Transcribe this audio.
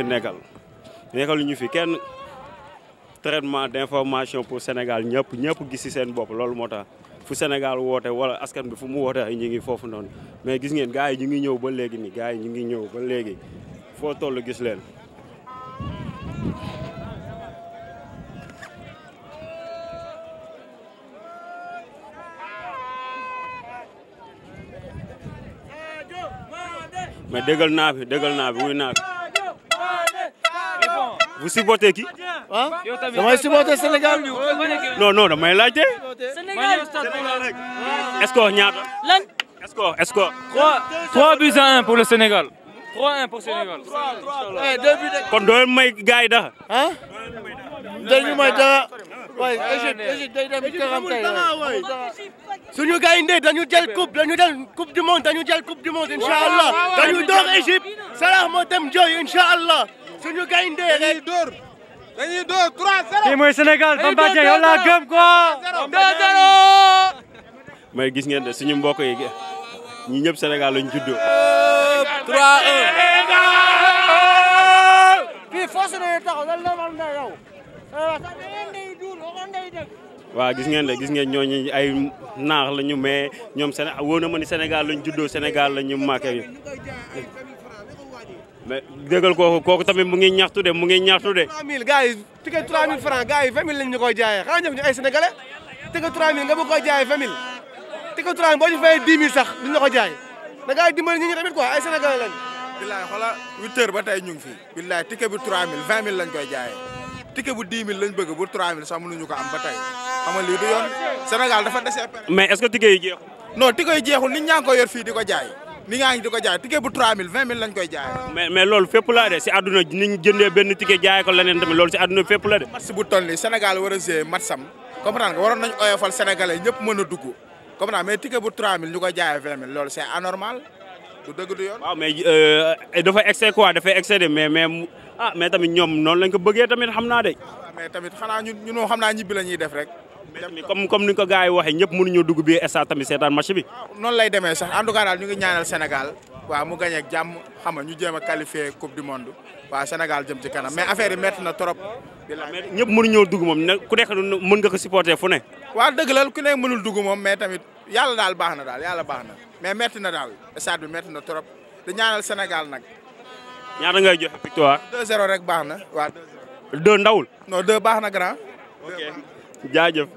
fi nekkal nekkal ñu fi kenn traitement d'information pour Sénégal ñëpp ñëpp gis ci seen bopp loolu moo tax fu Sénégal woote wala askan bi fu mu woote ay ñu ngi foofu noonu mais gis ngeen gars yi ñu ngi ñëw ba léegi nii gars yi ñu ngi ñëw ba léegi foo gis leen. mais déggal naa fi déggal wuy naa vous supportez ki ah damay supporter Sénégal. non non damay laajte. Sénégal score ñaata. lan score pour le Sénégal. 3-1 pour Sénégal. Eh, kon doo may gars yi dara. ah. dañu may yi ndey dañu jël coupe dañu jël coupe du monde dañu jël coupe du monde incha allah dañu door Égypte Salah jooy incha suñu gaynde dañuy dóor dañuy dóor 3 gis ngeen suñu mbokk yi ñi ñëpp Sénégal lañ juddoo. 3-1. fii force nañu la war a ndey yow. waaw gis ngeen de gis ngeen ñooñu lañu mais ñoom Séné wóor na ma ni Sénégal lañ mais déggal kooku kooku tamit mu ngi ñaxtu de mu ngi ñaxtu de. 3000 gars yi ticket 3000 francs gars yi 20000 lañ ñu koy jaayee ay sénégalais ticket 3000 nga bëgg koy jaayee 20000 ticket 3000 boo ñu fayee 10000 sax duñ la ko jaay da gars yi dimbali ñu tamit quoi ay sénégalais lañ. billaay xoola 8h ba tey ñu ngi fi. billaay ticket bu 3000 20000 lañ koy bu 10000 lañ bëgg bu 3000 sax mënuñu ko am ba tey xam nga dafa dese. mais est-ce que ticket yi jeexul. non ticket yi jeexul nit ñaa ngi ko di ko jaay. ni ngaa ngi di ko jaay ticket bu 3000 20000 lañ koy jaay. mais mais loolu fépp la de si àdduna ni ñu benn ticket jaay ko leneen tamit loolu si àdduna fépp la de. match bu toll nii Sénégal war a jouer matcham comprendre nga waroon nañ oyofal sénégalais ñëpp mën a dugg comprendre mais ticket bu 3000 ñu ko jaayee 20000 c'est anormal. du dëgg du yoon waaw mais euh, dafa excès quoi dafay excédé mais ah, mais tamit ñoom noonu lañ ko bëggee tamit xam naa de. Ah, tamit xanaa ñun ñun xam naa ñibbi la ñuy def rek. mbir mi comme comme ni ko gars dugg bi stade tamit seetaan match bi. noonu lay demee sax en tout daal ñu ngi ñaanal Sénégal waaw mu gagné ak jàmm xam nga ñu jéem a qualifié coupe du monde waaw Sénégal jëm ci kanam mais affaire yi métti na trop. ñëpp mënuñoo dugg moom ne ku nekk mën nga ko supporter fu ne. waaw dëgg la ku nekk mënul dugg moom mais tamit yàlla daal baax na daal yàlla baax na mais métti na daal stade bi métti na trop di ñaanal Sénégal nag. ñaata ngay joxe victoire. 2-0 rek baax na waaw. 2 ndawul. non 2 jaajëf